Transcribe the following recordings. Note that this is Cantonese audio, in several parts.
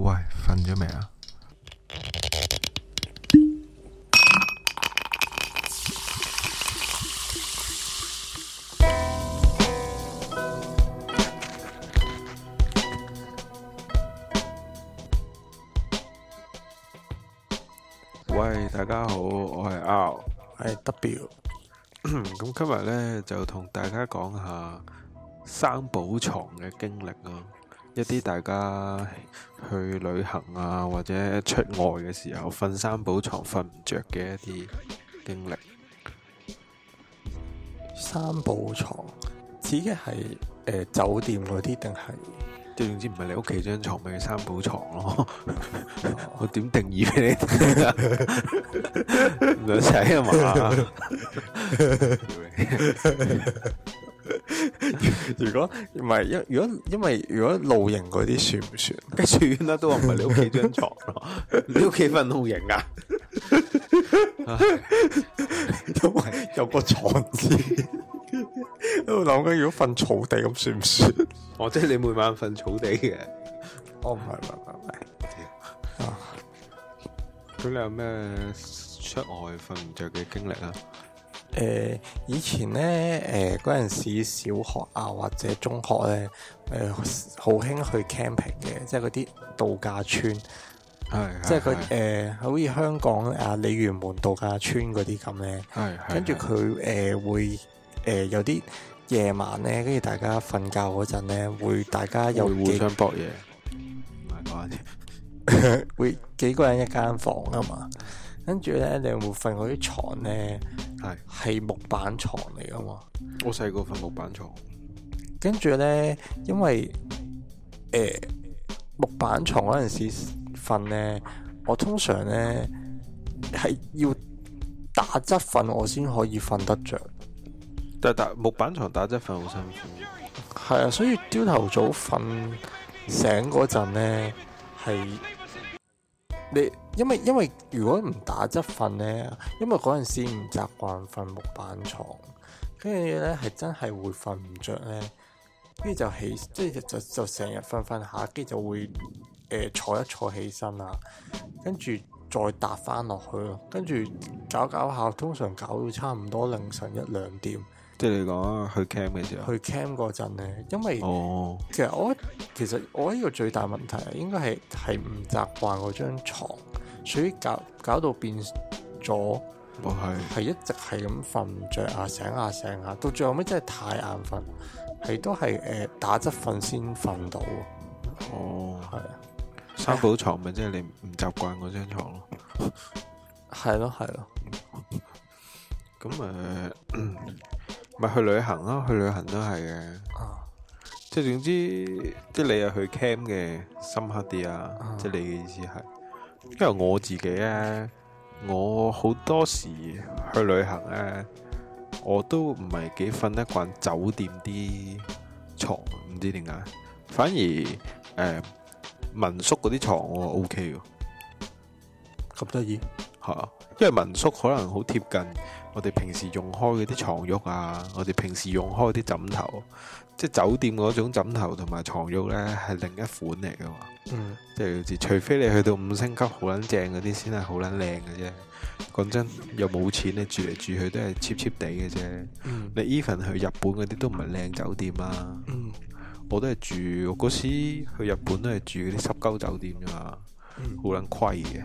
喂，瞓咗未啊？喂，大家好，我係 R，係 W，咁 今日咧，就同大家講下生埗床嘅經歷啊！一啲大家去旅行啊，或者出外嘅時候，瞓生埗床瞓唔着嘅一啲經歷。生埗床指嘅係誒酒店嗰啲定係總之唔係你屋企張床咪、係、生埗床咯？ 我點定義俾你？唔使睇啊嘛？ 如果唔係，一如果因為如果露營嗰啲算唔算？跟住咧都話唔係你屋企張床 你屋企瞓露營啊，因 為 有個床字。喺度諗緊如果瞓草地咁算唔算？ 哦，即係你每晚瞓草地嘅？哦，唔係，唔係，唔係。咁你有咩出外瞓唔着嘅經歷啊？誒、呃，以前咧，誒嗰陣時小學啊或者中學咧，誒好興去 camping 嘅，即係嗰啲度假村，係 即係佢誒，好似香港啊鯉魚門度假村嗰啲咁咧，係跟住佢誒會誒、呃、有啲夜晚咧，跟住大家瞓覺嗰陣咧，會大家又互相搏嘢，唔係講啲，會幾個人一間房啊嘛。 跟住咧，你有冇瞓嗰啲床咧？係係是木板床嚟噶嘛？我細個瞓木板床。跟住咧，因為誒、呃、木板床嗰陣時瞓咧，我通常咧係要打側瞓，我先可以瞓得着。但係打木板床打側瞓好辛苦。係啊，所以朝頭早瞓醒嗰陣咧，係。你因為因為如果唔打側瞓咧，因為嗰陣時唔習慣瞓木板床，跟住咧係真係會瞓唔着咧，跟住就起，即係就就成日瞓瞓下，跟住就會誒、呃、坐一坐起身啊，跟住再搭翻落去咯，跟住搞搞下，通常搞到差唔多凌晨一兩點。即係你講啊去 cam 嘅時候，去 cam 嗰陣咧，因為哦，其實我其實我呢個最大問題，應該係係唔習慣嗰張床，所以搞搞到變咗，係一直係咁瞓唔着啊，醒啊醒啊，到最後尾真係太眼瞓，係都係誒打側瞓先瞓到。哦，係啊，生埗床咪即係你唔習慣嗰張床咯，係咯係咯，咁誒。咪去旅行咯，去旅行都係嘅，即係、啊、總之，嗯、即係你又去 camp 嘅深刻啲啊，嗯、即係你嘅意思係，因為我自己咧，我好多時去旅行咧，我都唔係幾瞓得慣酒店啲床，唔知點解，反而誒、呃、民宿嗰啲床我 ok 嘅，咁得意吓。 因為民宿可能好貼近我哋平時用開嗰啲床褥啊，我哋平時用開啲枕頭，即係酒店嗰種枕頭同埋床褥呢係另一款嚟㗎嘛。嗯，即係除非你去到五星級好撚正嗰啲先係好撚靚嘅啫。講真，又冇錢你住嚟住去都係 cheapcheap 地嘅啫。嗯、你 even 去日本嗰啲都唔係靚酒店啦、啊。嗯、我都係住我嗰時去日本都係住嗰啲濕鳩酒店嘛，好撚、嗯嗯、虧嘅。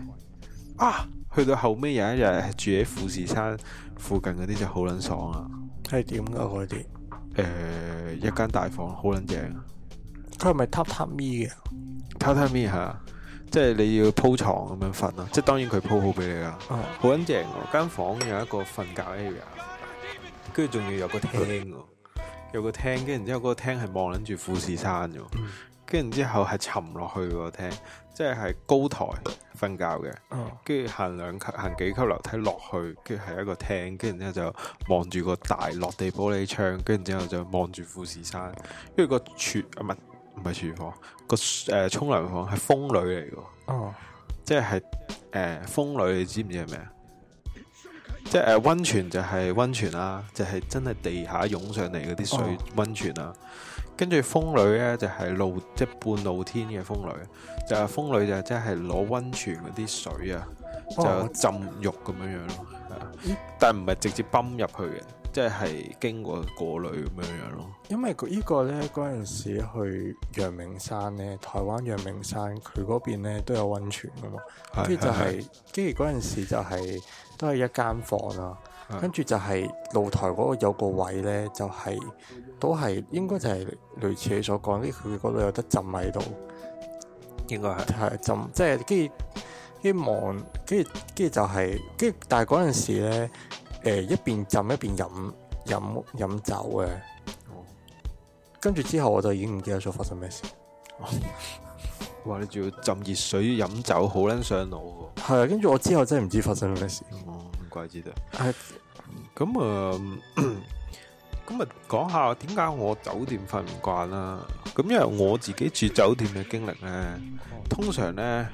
啊！去到後尾有一日住喺富士山附近嗰啲就好撚爽啊！係點噶嗰啲？誒、嗯欸，一間大房，好撚正。佢係咪榻榻米嘅？榻榻米係啊，即係你要鋪床咁樣瞓、嗯、啊？即係當然佢鋪好俾你啦，好撚正。間房間有一個瞓覺 area，跟住仲要有個廳喎、啊，有個廳，跟住然之後嗰個廳係望撚住富士山嘅。嗯跟住之後係沉落去個廳，即係係高台瞓覺嘅，跟住、哦、行兩級、行幾級樓梯落去，跟住係一個廳，跟住之後就望住個大落地玻璃窗，跟住之後就望住富士山，跟住個廚啊唔係唔係廚房、個誒沖涼房係風呂嚟嘅，哦、即係誒、呃、風呂，你知唔知係咩、呃、啊？即係誒溫泉就係溫泉啦，就係真係地下湧上嚟嗰啲水、哦、溫泉啦、啊。跟住風呂咧就係露即係、就是、半露天嘅風呂，就是、風呂就即係攞温泉嗰啲水啊，就浸浴咁樣樣咯，但唔係直接泵入去嘅，即、就、係、是、經過過濾咁樣樣咯。因為呢依個咧嗰陣時去陽明山咧，台灣陽明山佢嗰邊咧都有温泉㗎嘛，跟住的就係跟住嗰陣時就係、是、都係一間房啊。跟住就係露台嗰個有個位咧，就係、是、都係應該就係類似你所講，跟住佢嗰度有得浸喺度，應該係係浸，即係跟住跟住望，跟住跟住就係跟住，但係嗰陣時咧，誒、呃、一邊浸一邊飲飲飲酒嘅，嗯、跟住之後我就已經唔記得咗發生咩事。哇, 哇！你仲要浸熱水飲酒，好撚上腦喎、哦！係啊，跟住我之後真係唔知發生咩事。嗯唔怪知道，係咁啊！咁啊，講下點解我酒店瞓唔慣啦？咁因為我自己住酒店嘅經歷咧，通常咧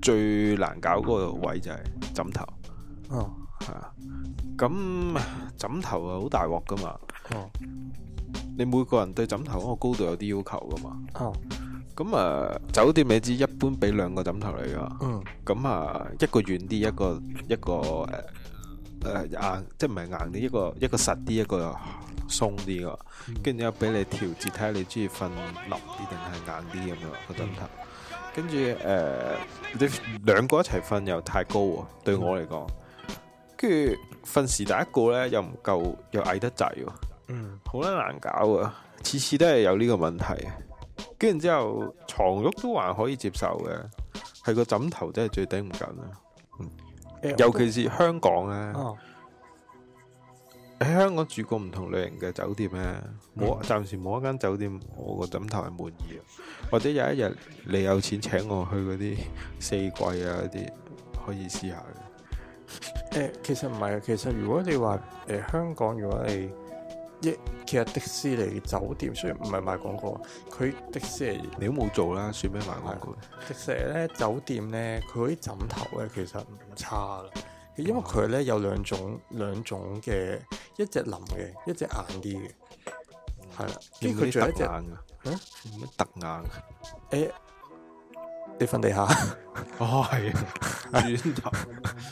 最難搞嗰個位就係枕頭。哦，吓，咁枕頭啊，好大鑊噶嘛。哦，你每個人對枕頭嗰個高度有啲要求噶嘛？哦，咁啊，酒店你知一般俾兩個枕頭嚟噶嘛。嗯，咁啊，一個遠啲，一個一個誒。誒、呃、硬即係唔係硬啲一,一個一個實啲一,一個鬆啲嘅，跟住、嗯、又俾你調節睇下你中意瞓腍啲定係硬啲咁樣個枕頭，跟住誒你兩個一齊瞓又太高啊，對我嚟講，跟住瞓時第一個咧又唔夠又矮得滯，嗯，好難難搞啊，次次都係有呢個問題，跟住之後床褥都還可以接受嘅，係個枕頭真係最頂唔緊啊。嗯尤其是香港咧，喺香港住過唔同類型嘅酒店咧，冇暫時冇一間酒店，我個枕頭係滿意。或者有一日你有錢請我去嗰啲四季啊嗰啲，可以試下嘅。誒，其實唔係啊，其實如果你話誒香港，如果你其實迪士尼酒店雖然唔係賣廣告，佢迪士尼你都冇做啦，算咩賣廣告？迪士尼咧酒店咧，佢啲枕頭咧其實唔差啦，因為佢咧有兩種兩種嘅，一隻腍嘅，一隻硬啲嘅，係啦。點解仲有一隻？嚇、啊？點咩、嗯？特硬、啊？誒、欸？你瞓地下？ 哦，係啊，磚頭，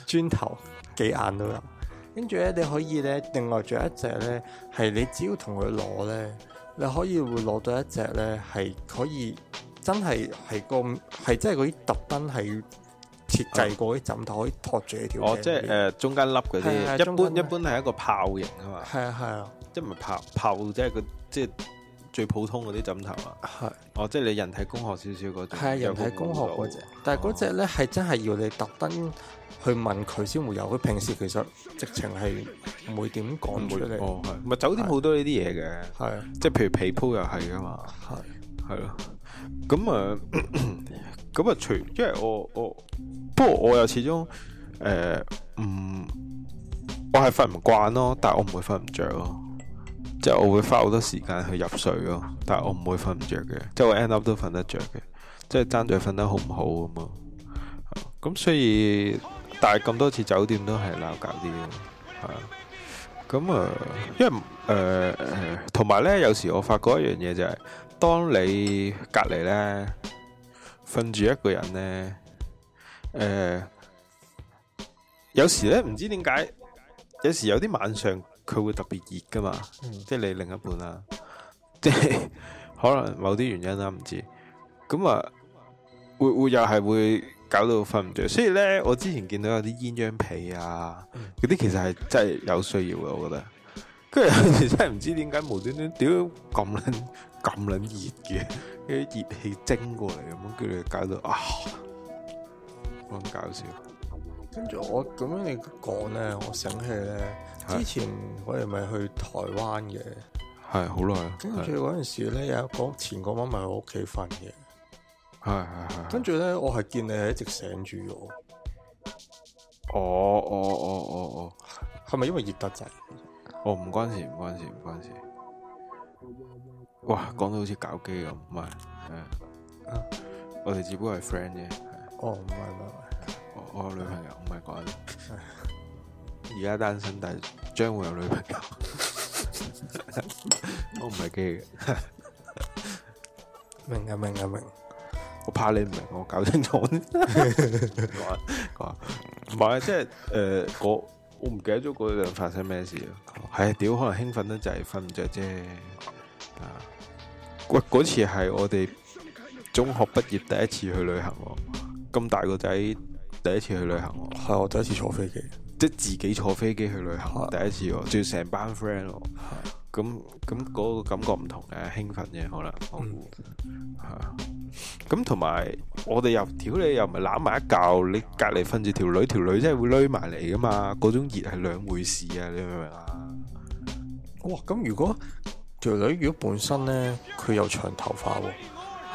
磚 頭幾硬都有。跟住咧，你可以咧，另外著一隻咧，係你只要同佢攞咧，你可以會攞到一隻咧，係可以真係係個，係真係嗰啲特登係設計過啲枕頭可以托住你條、啊。哦，即係誒、呃、中間凹嗰啲，啊啊、一般間一般係一個炮型啊嘛。係啊係啊。啊是是即係唔係炮炮即係個即係。最普通嗰啲枕頭啊，係是的 哦，即係你人體工學少少嗰隻，係的人體工學嗰隻。但係嗰隻咧，係、哦、真係要你特登去問佢先會有。佢平時其實直情係唔會點講出嚟。哦，係咪酒店好多呢啲嘢嘅？係啊，即係譬如被鋪又係噶嘛，係係咯。咁啊，咁啊，除即係我我，我，不過我又始終誒唔、呃嗯，我係瞓唔慣咯，但我唔會瞓唔着咯。即係我會花好多時間去入睡咯，但係我唔會瞓唔着嘅，即係我 end up 都瞓得着嘅，即係爭在瞓得好唔好咁嘛。咁所以，但係咁多次酒店都係鬧交啲咯，吓。咁啊，因為誒，同埋咧，有時我發覺一樣嘢就係，當你隔籬咧瞓住一個人咧，誒，有時咧唔知點解，有時有啲晚上。佢會特別熱噶嘛，即係你另一半啊，即係可能某啲原因啦，唔知咁啊，會會又係會搞到瞓唔着。所以咧，我之前見到有啲鴛鴦被啊，嗰啲其實係真係有需要嘅，我覺得。跟住有時真係唔知點解無端端屌咁撚咁撚熱嘅，啲熱氣蒸過嚟咁，佢哋搞到啊好搞笑。跟住我咁樣你講咧，我醒起咧。之前我哋咪去台灣嘅，係好耐。跟住嗰陣時咧，有是的 一個前嗰晚咪我屋企瞓嘅，係係係。跟住咧，我係見你係一直醒住喎。哦哦哦哦哦，係咪因為熱得滯？哦，唔、哦哦哦、關事，唔關事，唔關事。哇，講到好似搞基咁，唔係，係、啊。我哋只不過係 friend 啫。哦，唔係唔係，我我有女朋友，唔係講。Oh my 而家單身，但係將會有女朋友。 我唔係機嘅， 明啊明啊明。我怕你唔明，我搞清楚先。話話唔係即係誒，我唔記得咗嗰陣發生咩事咯。係屌， 可能興奮得滯，瞓唔着啫。 喂，嗰次係我哋中學畢業第一次去旅行喎，咁大個仔第一次去旅行喎，係 我第一次坐飛機。即自己坐飛機去旅行，第一次喎，仲要成班 friend 喎，咁咁嗰個感覺唔同嘅，興奮嘅可能，嚇，咁同埋我哋又屌你又唔係攬埋一覺，你隔離瞓住條女，條女真係會攣埋嚟㗎嘛，嗰種熱係兩回事啊，你明唔明啊？哇，咁如果條女如果本身咧佢有長頭髮喎，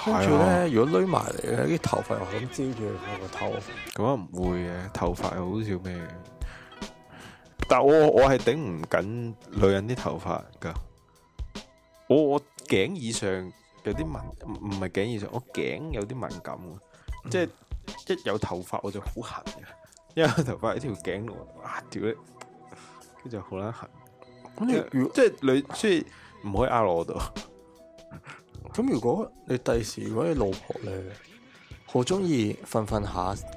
跟住咧如果攣埋嚟咧啲頭髮又咁遮住佢個頭，咁啊唔會嘅，頭髮又好少咩嘅。但係我我係頂唔緊女人啲頭髮噶，我我頸以上有啲敏唔係頸以上，我頸有啲敏感嘅，即係一有頭髮我就好痕嘅，因為頭髮喺條頸度，啊屌，跟住好難痕。咁你如即係你即係唔可以壓落我度。咁如果你第時如果你老婆咧好中意瞓瞓下。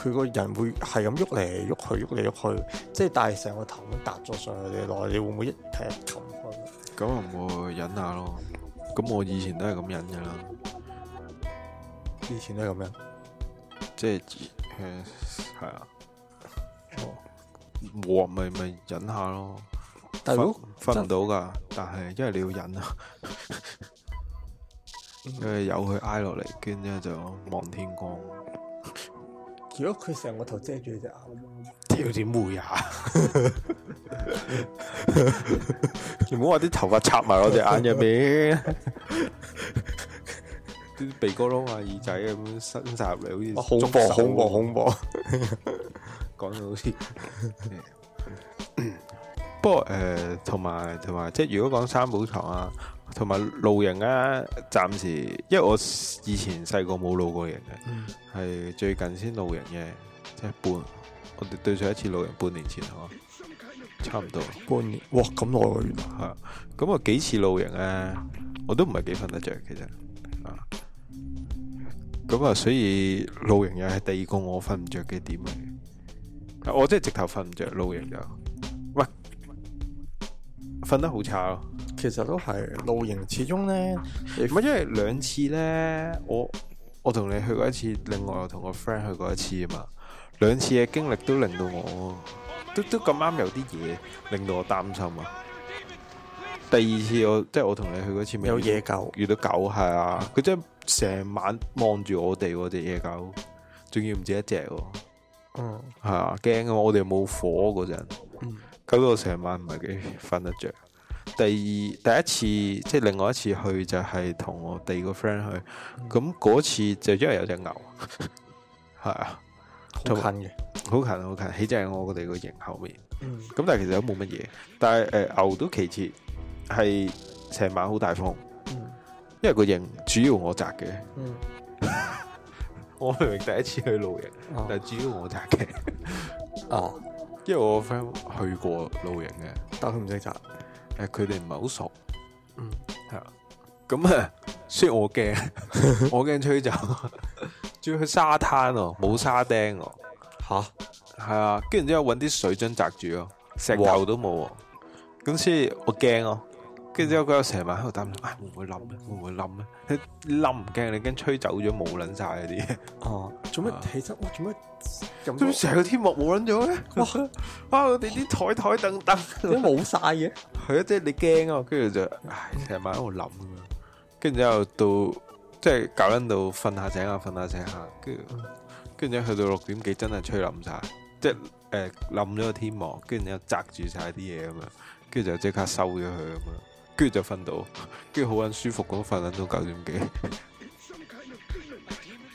佢個人會係咁喐嚟喐去喐嚟喐去，即係帶成個頭都搭咗上去嚟，來你會唔會一踢佢？咁啊，會忍下咯。咁我以前都係咁忍嘅啦。以前都係咁樣，即係係係啊。我咪咪忍下咯。瞓瞓唔到噶，但係因為你要忍啊。因為有佢挨落嚟，跟住就望天光。如果佢成個頭遮住隻眼，點會呀？唔好話啲頭髮插埋我隻眼入邊，啲鼻哥窿啊、 咄咄耳仔咁樣伸晒入嚟，好似好恐怖、恐怖、啊、恐怖，講到 好似。不過誒，同埋同埋，即 係、 就是、如果講三寶床啊。同埋露營啊！暫時，因為我以前細個冇露過營嘅，係、嗯、最近先露營嘅，即係半。我哋對上一次露營半年前，嗬，差唔多半年。哇，咁耐原來吓。咁啊，我幾次露營啊？我都唔係幾瞓得着，其實啊。咁啊，所以露營又係第二個我瞓唔着嘅點嚟。我真係直頭瞓唔着，露營就，喂，瞓得好差、啊。其實都係露營，始終咧，唔係因為兩次咧，我我同你去過一次，另外又同個 friend 去過一次啊嘛。兩次嘅經歷都令到我，都都咁啱有啲嘢令到我擔心啊。第二次我即係我同你去嗰次，有野狗，遇到狗係啊，佢真係成晚望住我哋喎隻野狗，仲要唔止一隻喎，啊，嗯，係啊，驚㗎嘛，我哋冇火嗰陣，搞到、嗯、我成晚唔係幾瞓得着。第二第一次即係另外一次去就係、是、同我第二個 friend 去，咁嗰、嗯、次就因為有隻牛，係 啊，好近嘅，好近好近，起正係我哋個營後面。咁、嗯、但係其實都冇乜嘢，但係誒、呃、牛都其次，係成晚好大風，嗯、因為個營主要我紮嘅，嗯、 我明明第一次去露營，哦、但係主要我紮嘅， 哦，因為我個 friend 去過露營嘅，但係佢唔使紮。誒，佢哋唔係好熟，嗯，係啊，咁啊，所以我驚， 我驚吹走，仲 要去沙灘哦，冇沙釘哦，吓哈，係啊，跟然之後揾啲水樽砸住咯，哦，石頭哇都冇，哦，咁所以我驚咯，哦。跟住之後佢又成晚喺度擔心，唉，會唔會冧咧？會唔會冧咧？你冧唔驚？你驚吹走咗冇捻晒嗰啲？哦，做咩起身？哇，做咩咁？做咩成個天幕冇捻咗咧？哇！啊，我哋啲台台凳凳都冇晒嘅。係啊，即係你驚啊。跟住就唉成晚喺度諗咁樣。跟住之後到即係搞捻到瞓下醒下，瞓下醒下。跟住跟住，去到六點幾真係吹冧晒，即係誒冧咗個天幕。跟住又紮住晒啲嘢啊嘛。跟住就即刻收咗佢啊嘛。跟住就瞓到，跟住好撚舒服咁瞓，揾到九點幾。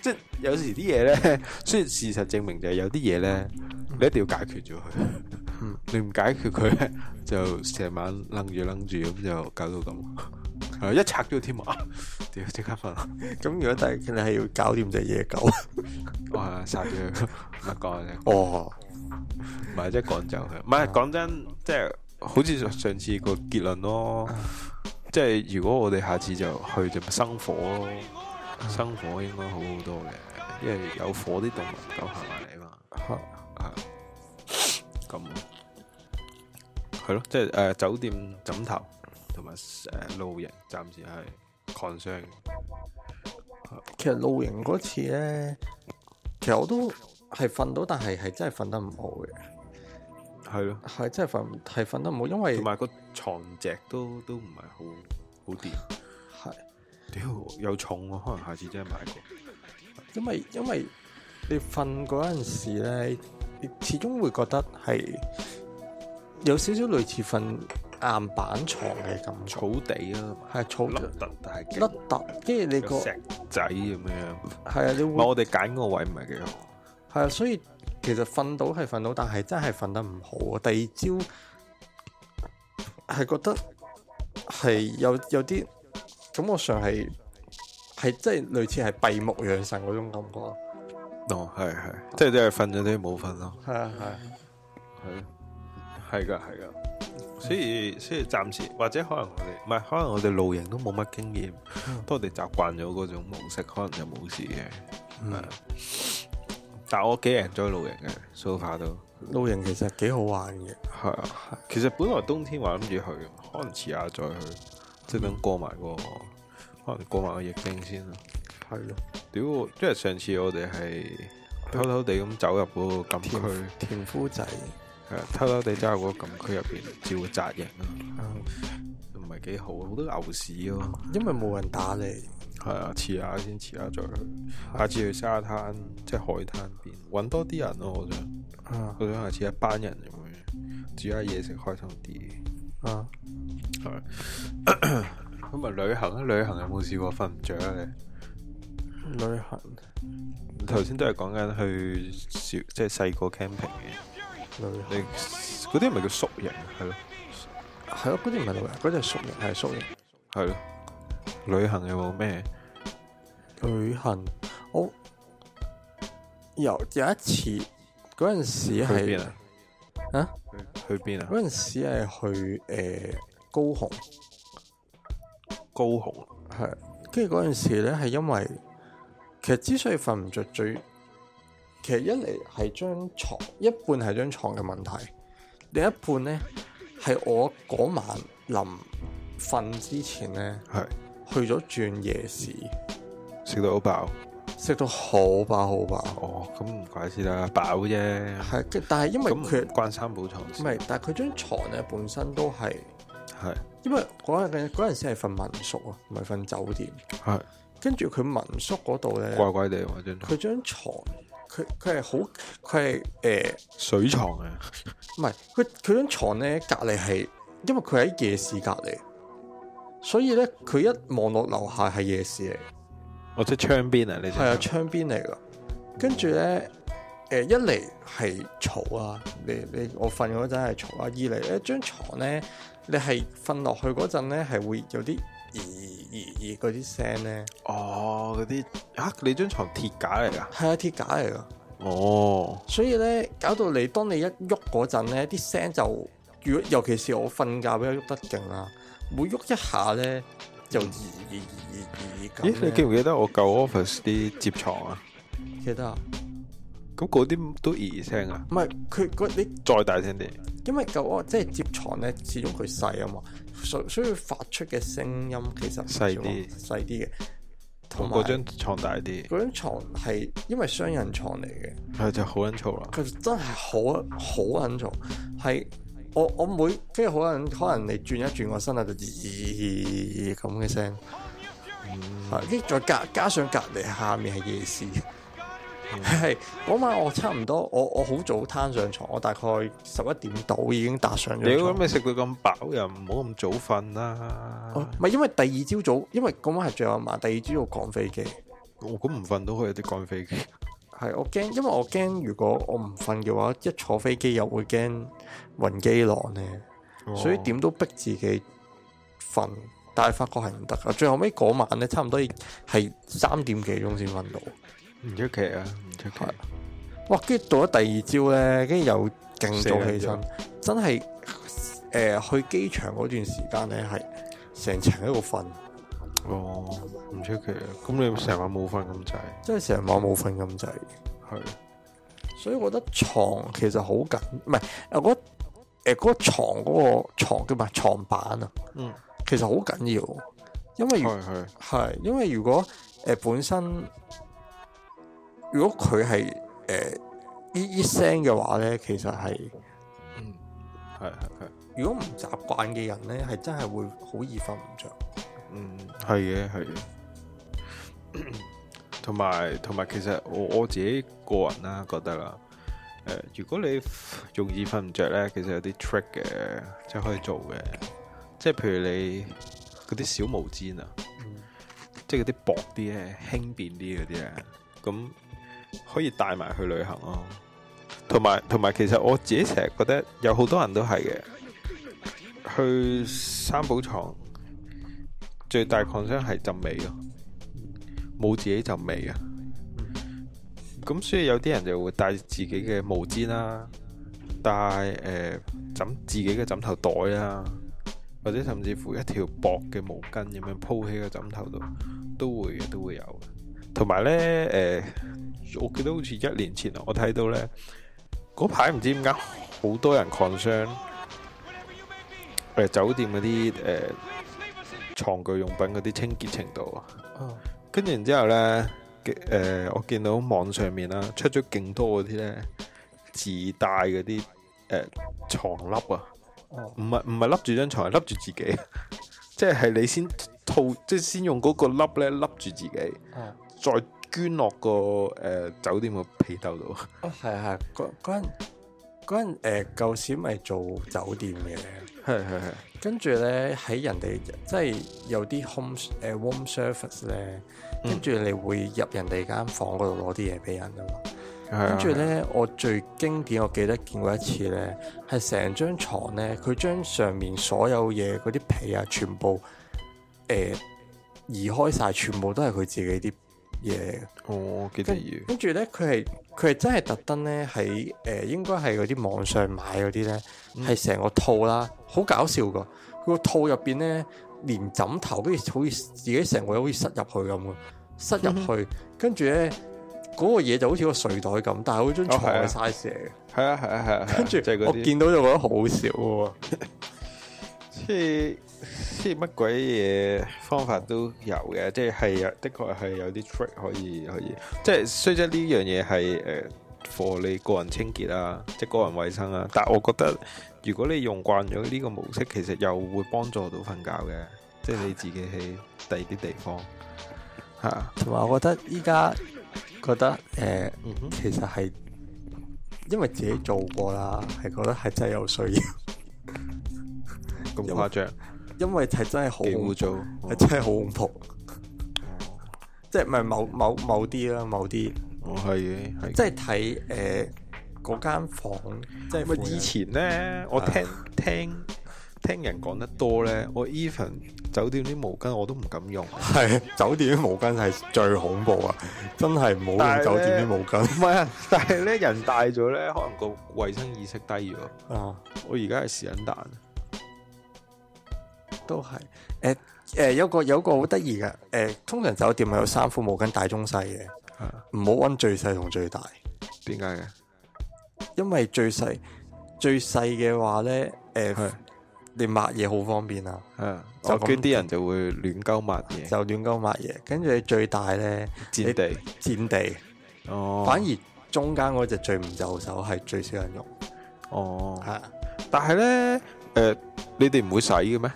即係有時啲嘢咧，雖然事實證明就係有啲嘢咧，你一定要解決咗佢。嗯，你唔解決佢咧，就成晚楞住楞住咁就搞到咁。係一拆咗添啊！屌，即刻瞓啦。咁如果第日你係要搞掂隻野狗，我係殺咗佢。唔得講啊！哦，唔係即係講就係，唔係講真即係。好似上次個結論咯， 即係如果我哋下次就去就生火咯，生火應該好好多嘅，因為有火啲動物夠行埋嚟嘛。吓 啊，咁係咯，即係誒、呃、酒店枕頭同埋誒露營暫時係 concern。啊、其實露營嗰次咧，其實我都係瞓到，但係係真係瞓得唔好嘅。係咯，係真係瞓，係瞓得唔好，因為同埋個床只都都唔係好好掂。係，屌又重，可能下次真係買過。因為因為你瞓嗰陣時咧，你始終會覺得係有少少類似瞓硬板床嘅咁草地咯，係草地，但係凹凸，即係你個石仔咁樣樣。係啊，你會我哋揀個位唔係幾好。係啊，所以。其實瞓到係瞓到，但係真係瞓得唔好啊！第二朝係覺得係有有啲，咁我上係係即係類似係閉目養神嗰種感覺。哦，係係，即係即係瞓咗啲冇瞓咯。係啊係，係係噶係噶，所以所以暫時或者可能我哋唔係，可能我哋露營都冇乜經驗，我哋習慣咗嗰種模式，可能就冇事嘅。嗯。但我幾人再露營嘅，so far 都露營其實幾好玩嘅。係啊，的其實本來冬天話諗住去，可能遲下再去，即係、嗯、等過埋、那個，可能過埋個疫情先咯。係咯的，屌，即係上次我哋係偷偷地咁走入個禁區，田夫仔係偷偷地走入個禁區偷偷入邊照紮營咯，唔係幾好，好多牛屎咯。因為冇人打你。係啊，遲下先，遲下再去。下次去沙灘，即係海灘邊，搵多啲人咯，啊。我想，啊，我想下次一班人咁樣，煮下嘢食，開心啲。啊，係。咁啊，旅行咧，旅行有冇試過瞓唔着呀你？旅行，頭先都係講緊去，即係細個 camping 嘅旅行。你嗰啲唔係叫宿營？係咯？係咯，嗰啲唔係旅行，嗰啲係宿營，係宿營，係咯。旅行有冇咩旅行？我、oh. 有有一次嗰陣時係啊，去去邊啊？嗰陣時係去誒、呃、高雄，高雄係，跟住嗰陣時咧，係因為其實之所以瞓唔着最，其實一嚟，係張床一半係張床嘅問題，另一半咧係我嗰晚臨瞓之前咧係。去咗轉夜市，食到好飽，食到好飽好飽。很飽很飽哦，咁唔怪事啦，飽啫。係，但係因為佢關三寶床，唔係，但係佢張床咧本身都係係，的因為嗰陣嗰陣時係瞓民宿啊，唔係瞓酒店。係的，跟住佢民宿嗰度咧，怪怪地喎，佢張床，佢佢係好，佢係誒水床啊。唔 係，佢佢張床咧隔籬係，因為佢喺夜市隔籬，所以咧，佢一望落樓下係夜市嚟，或者、哦、窗邊啊？呢係啊，窗邊嚟噶。跟住咧，誒 一嚟係嘈啊，你你我瞓嗰陣係嘈啊。二嚟一張床咧，你係瞓落去嗰陣咧，係會有啲咦咦咦嗰啲聲咧。哦，嗰啲嚇你張床鐵架嚟噶？係啊，鐵架嚟噶。哦，所以咧搞到你，當你一喐嗰陣咧，啲聲就如果尤其是我瞓覺比較喐得勁啦。每喐一下咧，就咦咦咦咦咦！咦你記唔記得我舊 office 啲接床啊？記得啊。咁嗰啲都咦聲啊。唔係，佢佢你再大聲啲。因為舊 office 即係接床咧，始終佢細啊嘛，所所以發出嘅聲音其實細啲，細啲嘅。同嗰張床大啲。嗰張床係因為雙人床嚟嘅。係、嗯、就好緊嘈啊！佢真係好好緊嘈，係。我我每跟住可能可能你轉一轉個身啊，就咦咁嘅聲，跟住、嗯、再加加上隔離下面係夜市，係嗰、嗯、晚我差唔多我我好早攤上，上床，我大概十一點到已經搭上咗。你咁咪食佢咁飽又唔好咁早瞓啦、啊。唔、哦、因為第二朝早，因為嗰晚係最後一晚，第二朝要趕飛機。我咁唔瞓都可以有啲趕飛機。 係我驚，因為我驚如果我唔瞓嘅話，一坐飛機又會驚暈機落咧，哦、所以點都逼自己瞓。但係發覺係唔得噶，最後尾嗰晚咧，差唔多係三點幾鐘先瞓到，唔出奇啊，唔出奇。哇！跟住到咗第二朝咧，跟住又勁早起身，真係誒、呃、去機場嗰段時間咧，係成程喺度瞓。哦，唔出奇啊！咁你成晚冇瞓咁滯，即係成晚冇瞓咁滯，係。所以我覺得床其實好緊，唔係誒嗰誒嗰個床嗰、嗰個床叫咩？床板啊，嗯，其實好緊要，因為係係的，因為如果誒、呃、本身如果佢係誒咦咦聲嘅話咧，其實係，嗯，係係係。的如果唔習慣嘅人咧，係真係會好易瞓唔着。嗯，係嘅，係嘅。同埋，同 埋，其實我我自己個人啦，覺得啦，誒、呃，如果你容易瞓唔着咧，其實有啲 trick 嘅，即係可以做嘅，即係譬如你嗰啲小毛氈啊，嗯、即係嗰啲薄啲嘅，輕便啲嗰啲啊，咁可以帶埋去旅行咯，啊。同埋，同埋，其實我自己成日覺得有好多人都係嘅，去三寶床。最大抗傷係浸尾咯，冇自己浸尾啊，咁所以有啲人就會帶自己嘅毛巾啦，帶誒、呃、枕自己嘅枕頭袋啊，或者甚至乎一條薄嘅毛巾咁樣鋪喺個枕頭度都會都會有。同埋呢，誒、呃，我記得好似一年前啊，我睇到呢，嗰排唔知點解好多人抗傷，誒、呃、酒店嗰啲誒、呃床具用品嗰啲清潔程度啊，跟住、oh. 然之後咧，誒、呃，我見到網上面、啊、啦，出咗勁多嗰啲咧自帶嗰啲誒床笠啊，唔係唔係笠住張床，係笠住自己，即 係你先套，即、就、係、是、先用嗰個笠咧笠住自己，oh. 再捐落個誒、呃、酒店個被兜度。哦、 oh, yeah,，係啊係啊，嗰陣誒舊時咪做酒店嘅，係係係。跟住咧喺人哋即係有啲 home 誒 warm surface 咧，跟住你會入人哋間房度攞啲嘢俾人啊嘛。 跟住咧我最經典，我記得見過一次咧，係成張床咧，佢將上面所有嘢啲被啊，全部誒、呃、移開晒，全部都係佢自己啲。嘢，哦，幾得意，跟住咧，佢係佢係真係特登咧喺誒，應該係嗰啲網上買嗰啲咧，係成、嗯、個套啦，好搞笑噶。個套入邊咧，連枕頭，跟住好似自己成個好似塞入去咁嘅，塞入去。嗯、跟住咧，嗰、嗰個嘢就好似個睡袋咁，但係好似張床嘅 size 嚟嘅。係啊係啊係啊！啊啊啊啊啊跟住着 我見到就覺得好笑喎。即係。即係乜鬼嘢方法都有嘅，即係有的確係有啲 trick 可以可以，即係雖則呢樣嘢係誒，for、呃、你個人清潔啊，即係個人衛生啊。但係我覺得如果你用慣咗呢個模式，其實又會幫助到瞓覺嘅，即係你自己去第二啲地方吓。同埋我覺得依家覺得誒、呃嗯，其實係因為自己做過啦，係覺得係真係有需要，咁誇張。因為係真係好污糟，係真係好恐怖，即係唔係某某某啲啦，某啲，我係即係睇誒嗰間房，即係以前咧，我聽聽聽人講得多咧，我 even 酒店啲毛巾我都唔敢用，係酒店啲毛巾係最恐怖啊，真係唔好用酒店啲毛巾，唔係啊，但係咧人大咗咧，可能個衛生意識低咗，哦，我而家係時隱蛋。都係誒誒，有個有個好得意嘅誒，通常酒店係有三副毛巾，大中細嘅，唔好揾最細同最大，點解嘅？因為最細最細嘅話咧，誒、呃，你抹嘢好方便啊。嗯，就捐啲人就會亂鳩抹嘢，就亂鳩抹嘢。跟住你最大咧，佔地佔地哦，反而中間嗰隻最唔就手係最少人用哦，係。但係咧，誒，你哋唔會洗嘅咩？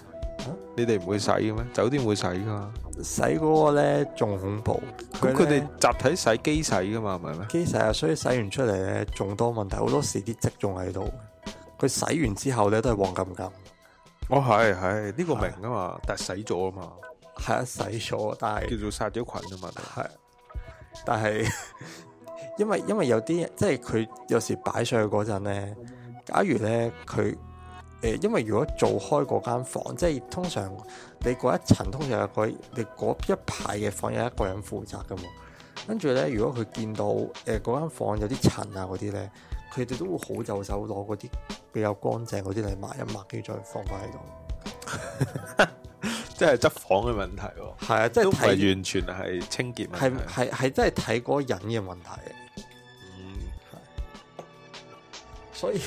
嗯、你哋唔會洗嘅咩？酒店會洗噶嘛、啊？洗嗰個咧仲恐怖。咁佢哋集體洗機洗噶嘛，係咪咩？機洗啊，所以洗完出嚟咧仲多問題，好多時啲漬仲喺度。佢洗完之後咧都係黃金金。哦，係係，呢、這個明噶嘛，是但係洗咗啊嘛，係啊，洗咗，但係叫做殺咗菌嘅啊嘛，係。但係因為因為有啲即係佢有時擺上去嗰陣咧，假如咧佢。誒，因為如果做開嗰間房，即係通常你嗰一層，通常有佢你嗰一排嘅房有一個人負責㗎嘛。跟住咧，如果佢見到誒嗰、呃、間房間有啲塵啊嗰啲咧，佢哋都會好就手攞嗰啲比較乾淨嗰啲嚟抹一抹，跟住再放翻喺度。 即係執房嘅問題喎、啊，係啊，即係都唔係完全係清潔，係係係真係睇嗰個人嘅問題。所以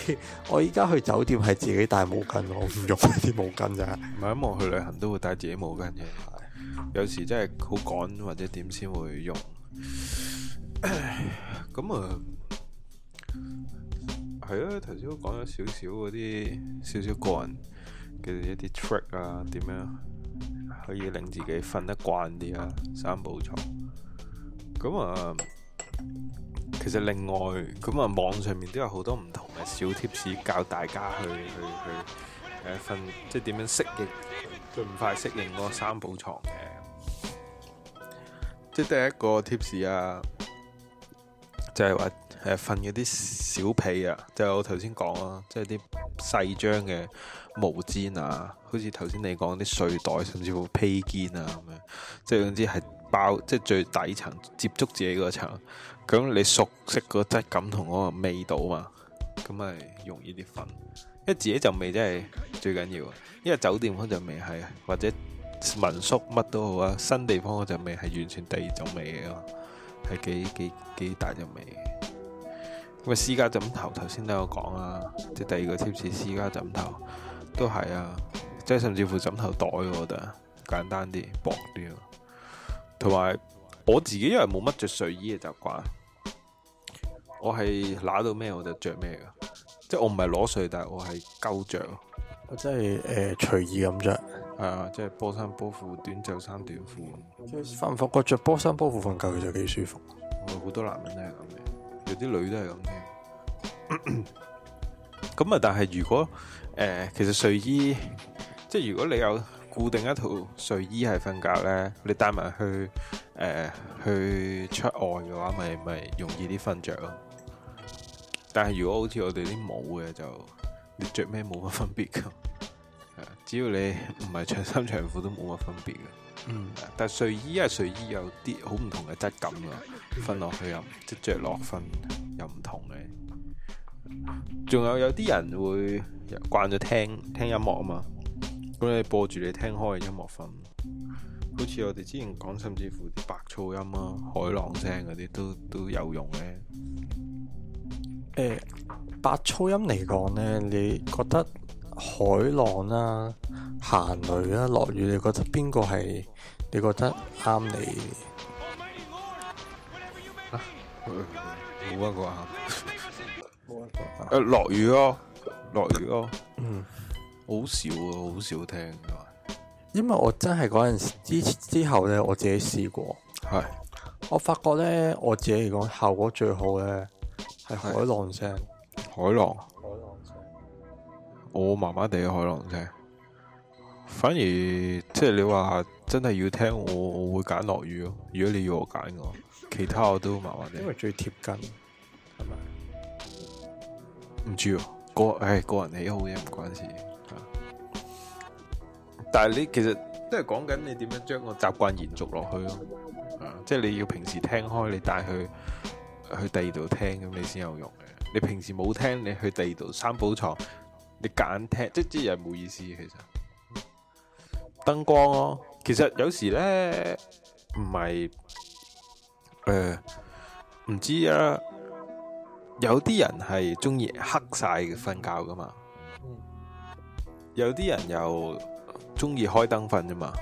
我依家去酒店係自己帶毛巾，我唔用啲毛巾啫。唔係， 因為我去旅行都會帶自己毛巾嘅，有時真係好趕或者點先會用。咁 啊，係啊，頭先都講咗少少嗰啲少少個人嘅一啲 trick 啊，點樣可以令自己瞓得慣啲啊，生埗床。咁啊。其實另外咁啊，網上面都有好多唔同嘅小貼士教大家去去去誒，瞓、呃、即係點樣適應，盡快適應嗰個生埗床嘅。 即係第一個貼士啊，就係話誒，瞓嗰啲小被啊，就係，我頭先講啊，即係啲細張嘅毛氈啊，好似頭先你講啲睡袋，甚至乎披肩啊咁樣，即係總之係包，即係最底層接觸自己嗰層。咁你熟悉個質感同嗰個味道嘛？咁咪容易啲瞓，因為自己就味真係最緊要啊。因為酒店嗰陣味係、就係，或者民宿乜都好啊，新地方嗰陣味係完全第二種味嘅咯，係幾幾幾大種味。咁啊，私家枕頭頭先都有講啦，即係第二個超市私家枕頭都係啊，即係甚至乎枕頭袋我覺得簡單啲薄啲，同埋我自己因為冇乜着睡衣嘅習慣。我係揦到咩我就着咩噶，即係我唔係裸睡，但係我係鳩着咯。我真係誒隨意咁着，係啊，即係波衫波褲、短袖衫短褲。你，就是，發唔發覺着波衫波褲瞓覺其實幾舒服？我好多男人都係咁嘅，有啲女都係咁嘅。咁啊， 但係如果誒、呃，其實睡衣，即係如果你有固定一套睡衣係瞓覺咧，你帶埋去誒、呃、去出外嘅話，咪咪容易啲瞓着咯。但係如果好似我哋啲冇嘅就你，你着咩冇乜分別噶只要你唔係長衫長褲都冇乜分別嘅。嗯，啊、但係睡衣、啊、睡衣有啲好唔同嘅質感啊，瞓、就是、落去又即着落瞓又唔同嘅。仲有有啲人會慣咗聽聽音樂啊嘛，咁你播住你聽開嘅音樂瞓，好似我哋之前講，甚至乎啲白噪音啊、海浪聲嗰啲都都有用咧。誒，白噪，呃、音嚟講咧，你覺得海浪啊、行雷啊、落雨，你覺得邊個係？你覺得啱你？冇，啊、一個啱、啊，誒、 啊，落、 啊、雨咯、啊，落雨咯、啊。嗯， 好少啊，好少聽。 因為我真係嗰陣之之後咧，我自己試過。係是。我發覺咧，我自己嚟講效果最好咧。係海浪聲，是海浪，海浪聲，我麻麻地嘅海浪聲，反而即係、就是、你話真係要聽我，我我會揀落雨咯。如果你要我揀，我其他我都麻麻地，因為最貼近係咪？唔知個誒、哎、個人喜好嘅嘢唔關事吓、啊，但係你其實都係講緊你點樣將個習慣延續落去咯，即、啊、係、就是、你要平時聽開，你帶去。去第二度聽咁你先有用嘅，你平時冇聽，你去第二度生埗床，你夾硬聽，即係啲人冇意思其實。燈光咯、哦，其實有時咧唔係誒唔知啊，有啲人係中意黑晒瞓覺噶嘛，有啲人又中意開燈瞓啫嘛，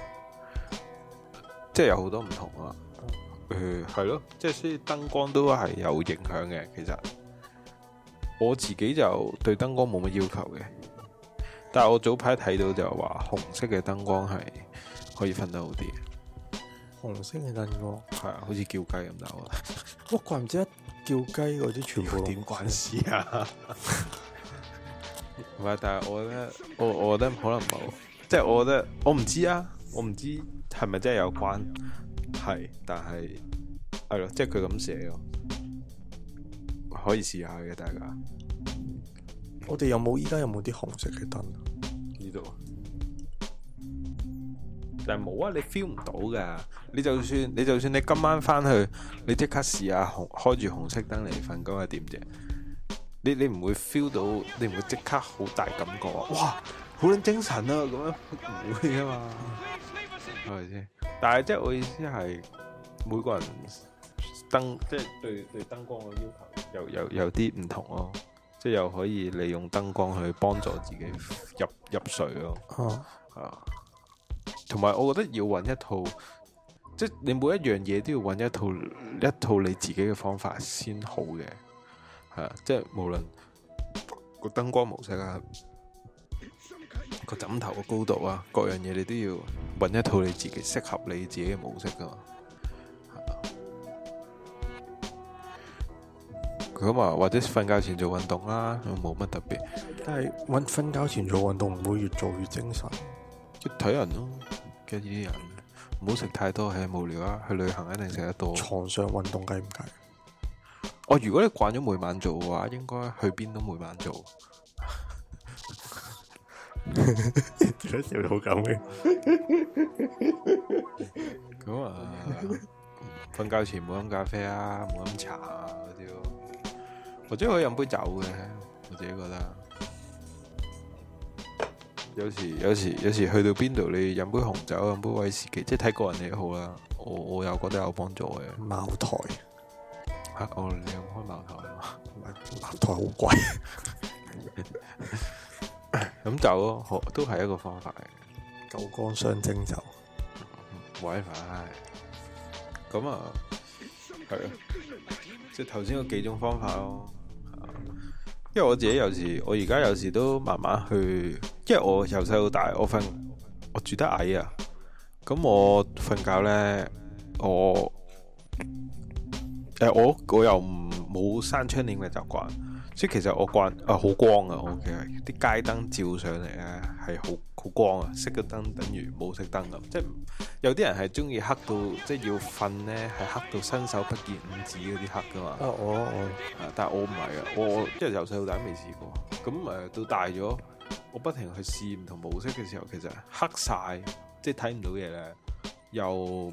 即係有好多唔同啊。誒，係咯、嗯，即係所以燈光都係有影響嘅。其實我自己就對燈光冇乜要求嘅，但係我早排睇到就話紅色嘅燈光係可以瞓得好啲。紅色嘅燈光係啊，好似叫雞咁樣。我怪唔之得叫雞嗰啲全部點關事啊？唔係，但係我咧，我我覺得可能冇，即係我覺得我唔知啊，我唔知係咪真係有關。 係，但係係咯，即係佢咁寫咯，可以試下嘅，大家。我哋有冇依家有冇啲紅色嘅燈？呢度，但係冇啊，你 feel 唔到噶。你就算你就算你今晚翻去，你即刻試下紅開住紅色燈嚟瞓覺係點啫？你你唔會 feel 到，你唔會即刻好大感覺，哇，好捻精神啊！咁樣唔會啊嘛，係咪先？ 但係即係我意思係每個人燈，即係對對燈光嘅要求又又有啲唔同咯，即係又可以利用燈光去幫助自己入入睡咯。啊，同埋我覺得要揾一套即係你每一樣嘢都要揾一套一套你自己嘅方法先好嘅。係啊，即係無論個燈光模式啊。個枕頭嘅高度啊，各樣嘢，你都要揾一套你自己適合你自己嘅模式噶嘛。咁啊，或者瞓覺前做運動啦、啊，冇乜特別。但係瞓瞓覺前做運動唔會越做越精神，即睇人咯、啊，跟住啲人唔好食太多係，無聊啊，去旅行一定食得多。床上運動計唔計？我、哦、如果你慣咗每晚做嘅話，應該去邊都每晚做。最少都咁嘅，咁啊， 瞓、 嗯呃、覺前唔好飲咖啡啊，唔好飲茶啊嗰啲咯，或者可以飲杯酒嘅，我自己覺得。有時有時有時,有時去到邊度，你飲杯紅酒，飲杯威士忌，即係睇個人嚟好啦。我我又覺得有幫助嘅。茅台，啊我飲開茅台，茅台好貴。 飲酒都係一個方法嚟，九江雙蒸酒，就、嗯，喂，咁啊，係啊，即係頭先嗰幾種方法咯、啊啊，因為我自己有時，我而家有時都慢慢去，因為我由細到大，我瞓，我住得矮啊，咁我瞓覺咧，我誒，我、呃、我，我又唔冇閂窗簾嘅習慣。即係其實我光啊，好光啊，光我屋企啲街燈照上嚟咧，係好好光啊，熄個燈等於冇熄燈咁。即係有啲人係中意黑到即係要瞓咧係黑到伸手不見五指嗰啲黑噶嘛。啊，我我但係我唔係啊，我即係由細到大都未試過。咁誒、呃、到大咗，我不停去試唔同模式嘅時候，其實黑晒，即係睇唔到嘢咧，又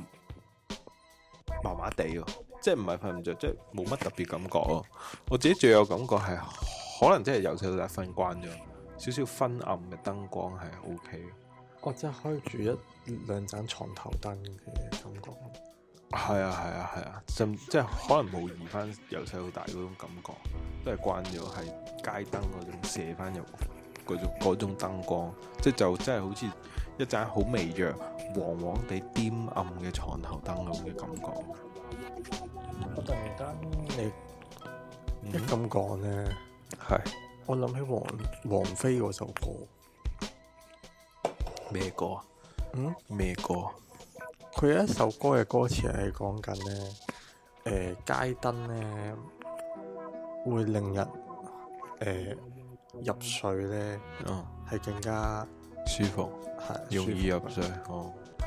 麻麻地啊。即係唔係瞓唔着，即係冇乜特別感覺咯、啊。我自己最有感覺係，可能即係由細到大瞓慣咗，少少昏暗嘅燈光係 OK 嘅。或者開住一兩盞床頭燈嘅感覺。係啊係啊係啊，啊啊即係可能模擬翻由細到大嗰種感覺，都係關咗係街燈嗰種射翻入嗰種嗰種燈光，即係就真係好似一盞好微弱、黃黃地啲暗嘅床頭燈咁嘅感覺。我突然間你一咁講咧係、嗯、我諗起王王菲嗰首歌咩歌啊？嗯咩歌？佢、嗯、有一首歌嘅歌詞係講緊咧，誒、呃、街燈咧會令人誒、呃、入睡咧，係、嗯、更加舒服，係對容易入睡。哦，係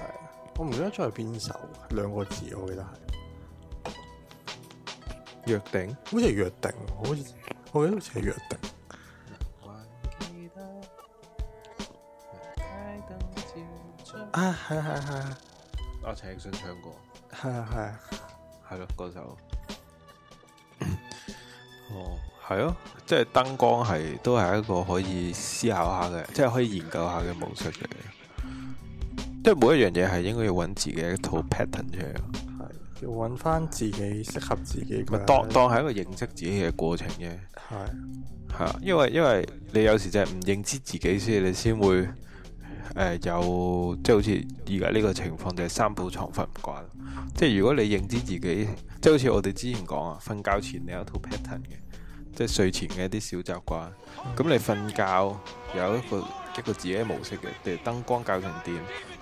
我唔記得咗係邊首，兩個字我記得係。約定，好似約定，好似，就是，我記得好似係約定。啊，係啊係啊係啊，阿陳奕迅唱過，係啊係係咯嗰首，嗯。哦，係咯，啊，即係燈光係都係一個可以思考下嘅，即係可以研究下嘅模式嘅。 即係每一樣嘢係應該要揾自己一套 pattern 出嚟。要揾返自己適合自己嘅，當當係一個認識自己嘅過程嘅。係係啊，因為因為你有時就係唔認知自己先，所以你先會誒、呃、有即係好似而家呢個情況，就係、是、生埗床瞓唔慣。即係如果你認知自己，即係好似我哋之前講啊，瞓覺前你有一套 pattern 嘅，即係睡前嘅一啲小習慣。咁、嗯、你瞓覺有一個一個自己模式嘅，譬如燈光校成點，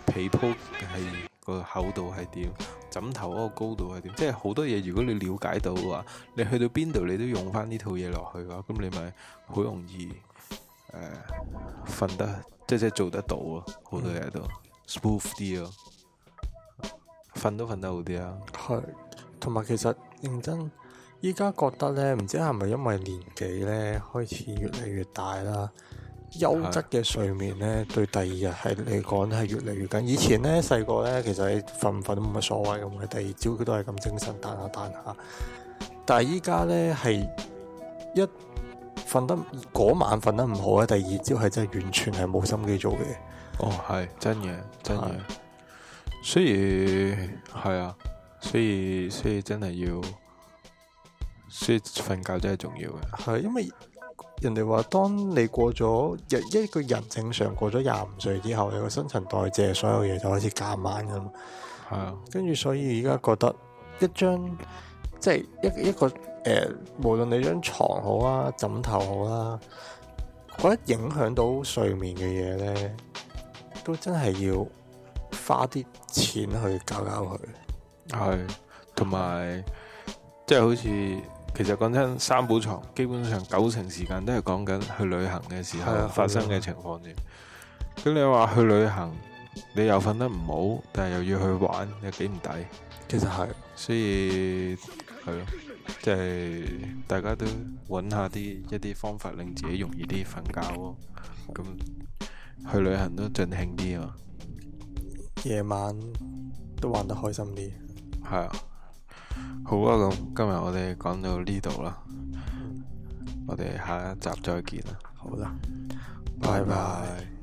被鋪係。個厚度係點，枕頭嗰個高度係點，即係好多嘢。如果你了解到嘅話，你去到邊度你都用翻呢套嘢落去嘅話，咁你咪好容易誒瞓、呃、得，即係做得到、嗯哦、睡睡得啊！好多嘢都 smooth 啲咯，瞓都瞓得好啲啊！係，同埋其實認真依家覺得呢，唔知係咪因為年紀呢開始越嚟越大啦。優質嘅睡眠咧，對第二日係嚟講係越嚟越緊。以前咧細個咧，其實你瞓唔瞓都冇乜所謂咁嘅，第二朝佢都係咁精神，彈下彈下。但係依家咧係一瞓得嗰晚瞓得唔好咧，第二朝係真係完全係冇心機做嘅。哦，係真嘅，真嘅。係。所以係啊，所以所以真係要，所以瞓覺真係重要嘅。係因為。人哋話，當你過咗日一個人正常過咗廿五歲之後，你個新陳代謝所有嘢就開始減慢噶嘛。係啊，的跟住所以而家覺得一張即係一一個誒、呃，無論你張床好啊，枕頭好啦，啊，覺得影響到睡眠嘅嘢咧，都真係要花啲錢去搞搞佢。係，同埋即係好似。其實講真，生埗床基本上九成時間都係講緊去旅行嘅時候發生嘅情況啫。咁你話去旅行，你又瞓得唔好，但係又要去玩，又幾唔抵。其實係，所以係咯，即係、就是、大家都搵下啲一啲方法，令自己容易啲瞓覺咯。咁去旅行都盡興啲吖嘛，夜晚都玩得開心啲。係啊。好啊，咁今日我哋講到呢度啦，我哋下一集再見啦，好啦，拜拜。拜拜。